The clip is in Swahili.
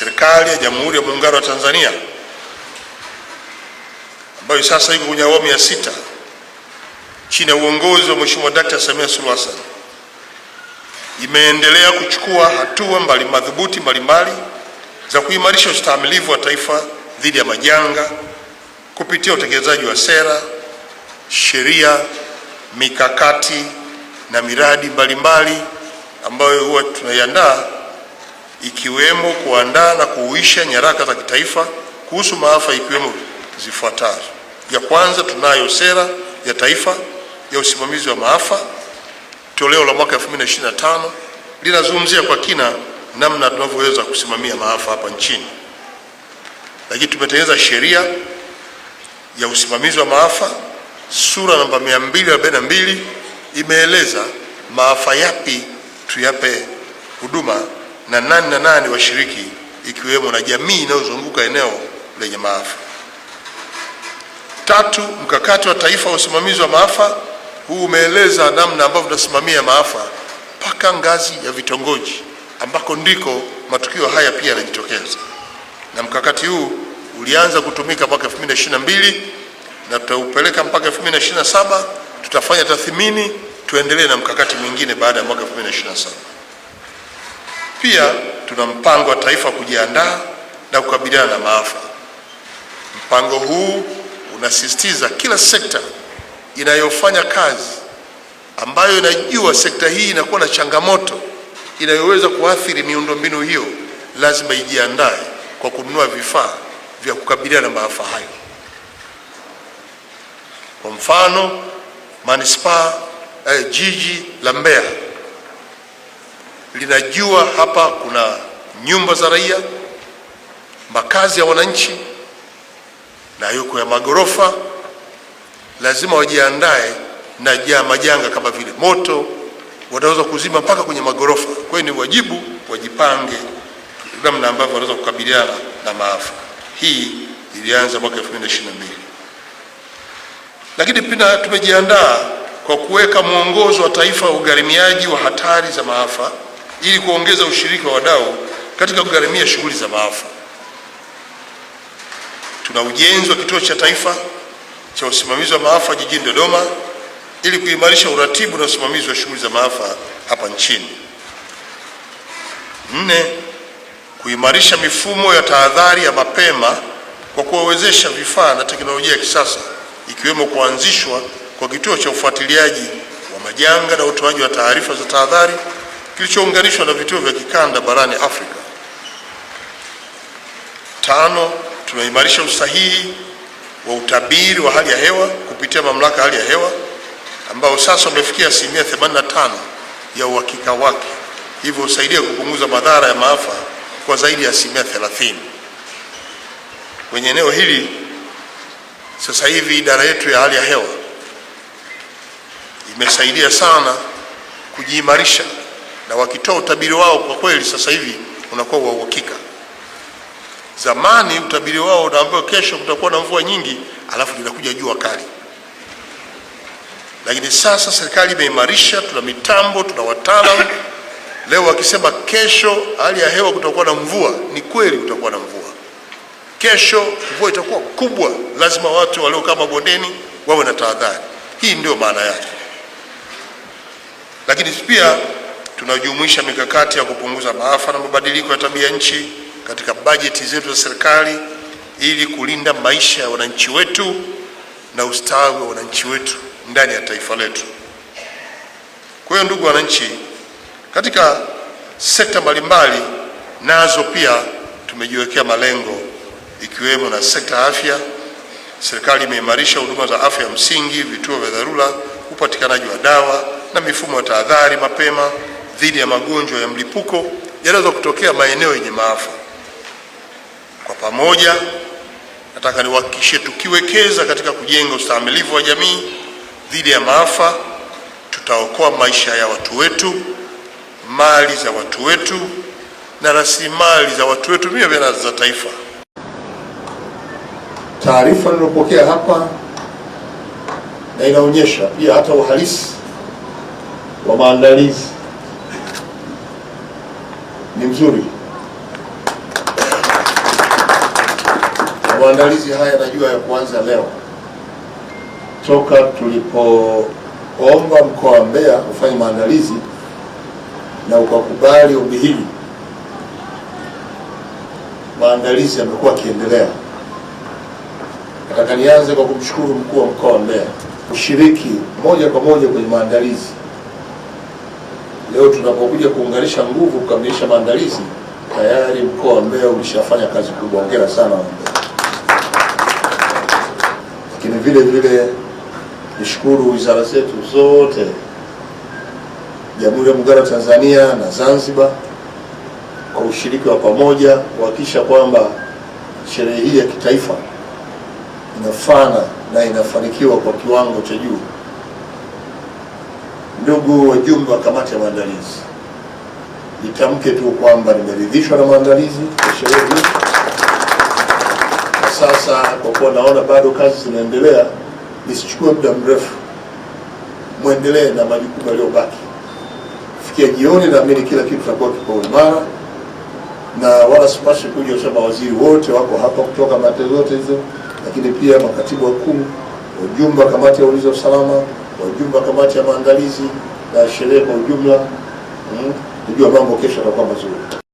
serikali ya Jamhuri ya Muungano wa Tanzania ambayo sasa iko kwenye awamu ya sita chini ya uongozi wa Mheshimiwa Daktari Samia Suluhu Hassan imeendelea kuchukua hatua mbali madhubuti mbalimbali za kuimarisha ustahimilivu wa taifa dhidi ya majanga kupitia utekelezaji wa sera, sheria, mikakati na miradi mbalimbali mbali ambayo huwa tunaiandaa ikiwemo kuandaa na kuhuisha nyaraka za kitaifa kuhusu maafa ikiwemo zifuatazo. Ya kwanza, tunayo sera ya taifa ya usimamizi wa maafa toleo la mwaka 2025 linazungumzia kwa kina namna tunavyoweza kusimamia maafa hapa nchini. Lakini tumetengeneza sheria ya usimamizi wa maafa sura namba 242 imeeleza maafa yapi tuyape huduma na nani na nani washiriki, ikiwemo na jamii inayozunguka eneo lenye maafa. Tatu, mkakati wa taifa wa usimamizi wa maafa. Huu umeeleza namna ambavyo tunasimamia maafa mpaka ngazi ya vitongoji ambako ndiko matukio haya pia yanajitokeza, na mkakati huu ulianza kutumika mwaka 2022 na tutaupeleka mpaka 2027. Tutafanya tathmini, tuendelee na mkakati mwingine baada ya mwaka 2027. Pia tuna mpango wa taifa wa kujiandaa na kukabiliana na maafa. Mpango huu unasisitiza kila sekta inayofanya kazi ambayo inajua sekta hii inakuwa na changamoto inayoweza kuathiri miundombinu hiyo, lazima ijiandae kwa kununua vifaa vya kukabiliana na maafa hayo. Kwa mfano manispaa eh, jiji la Mbeya linajua hapa kuna nyumba za raia, makazi ya wananchi na yuko ya magorofa. Lazima wajiandae na ja majanga kama vile moto, wanaweza kuzima mpaka kwenye magorofa. Kwa hiyo ni wajibu wajipange namna ambavyo wanaweza kukabiliana na maafa. Hii ilianza mwaka 2022 lakini pia tumejiandaa kwa kuweka mwongozo wa taifa wa ugharimiaji wa hatari za maafa ili kuongeza ushiriki wa wadau katika kugharimia shughuli za maafa. Tuna ujenzi wa kituo cha taifa cha usimamizi wa maafa jijini Dodoma ili kuimarisha uratibu na usimamizi wa shughuli za maafa hapa nchini. Nne, kuimarisha mifumo ya tahadhari ya mapema kwa kuwawezesha vifaa na teknolojia ya kisasa ikiwemo kuanzishwa kwa kituo cha ufuatiliaji wa majanga na utoaji wa taarifa za tahadhari kilichounganishwa na vituo vya kikanda barani Afrika. Tano, tunaimarisha usahihi wa utabiri wa hali ya hewa kupitia mamlaka ya hali ya hewa ambao sasa umefikia asilimia 85 ya uhakika wake, hivyo husaidia kupunguza madhara ya maafa kwa zaidi ya asilimia 30 kwenye eneo hili. Sasa hivi idara yetu ya hali ya hewa imesaidia sana kujiimarisha na wakitoa utabiri wao kwa kweli sasa hivi unakuwa wa uhakika. Zamani utabiri wao unaambiwa kesho kutakuwa na mvua nyingi, alafu linakuja jua kali. Lakini sasa serikali imeimarisha, tuna mitambo, tuna wataalamu. Leo wakisema kesho hali ya hewa kutakuwa na mvua, ni kweli kutakuwa na mvua. Kesho mvua itakuwa kubwa, lazima watu walio kama bondeni wawe na tahadhari. Hii ndio maana yake, lakini pia tunajumuisha mikakati ya kupunguza maafa na mabadiliko ya tabia nchi katika bajeti zetu za serikali ili kulinda maisha ya wananchi wetu na ustawi wa wananchi wetu ndani ya taifa letu. Kwa hiyo, ndugu wananchi, katika sekta mbalimbali nazo pia tumejiwekea malengo ikiwemo na sekta ya afya. Serikali imeimarisha huduma za afya ya msingi, vituo vya dharura, upatikanaji wa dawa na mifumo ya tahadhari mapema dhidi ya magonjwa ya mlipuko yanaweza kutokea maeneo yenye maafa. Kwa pamoja, nataka niwahakikishie, tukiwekeza katika kujenga ustahimilivu wa jamii dhidi ya maafa, tutaokoa maisha ya watu wetu, mali za watu wetu na rasilimali za watu wetu pia na za taifa. Taarifa niliyopokea hapa na inaonyesha pia hata uhalisi wa maandalizi ni mzuri. Maandalizi haya najua ya kuanza leo, toka tulipoomba mkoa wa Mbeya kufanya maandalizi na ukakubali ombi hili, maandalizi yamekuwa akiendelea Nataka nianze kwa kumshukuru mkuu wa mkoa wa Mbeya kushiriki moja kwa moja kwenye maandalizi. Leo tunapokuja kuunganisha nguvu kukamilisha maandalizi, tayari mkoa wa Mbeya ulishafanya kazi kubwa. Hongera sana Mbeya. Lakini vile vile nishukuru wizara zetu zote, Jamhuri ya Muungano wa Tanzania na Zanzibar kwa ushiriki wa pamoja kuhakikisha kwamba sherehe hii ya kitaifa inafana na inafanikiwa kwa kiwango cha juu. Ndugu wajumbe wa kamati ya maandalizi, nitamke tu kwamba nimeridhishwa na maandalizi ya sherehe hii. Sasa kwa kuwa naona bado kazi zinaendelea, nisichukue muda mrefu, mwendelee na majukumu yaliyobaki. Fikia jioni, naamini kila kitu kitakuwa kiko imara, na wala sipashe kuja kusema waziri wote wako hapa kutoka pande zote hizo, lakini pia makatibu wakuu, wajumbe wa kamati ya ulinzi na usalama wajumbe wa kamati ya maandalizi na sherehe kwa ujumla. Hmm? Najua mambo kesho yatakuwa mazuri.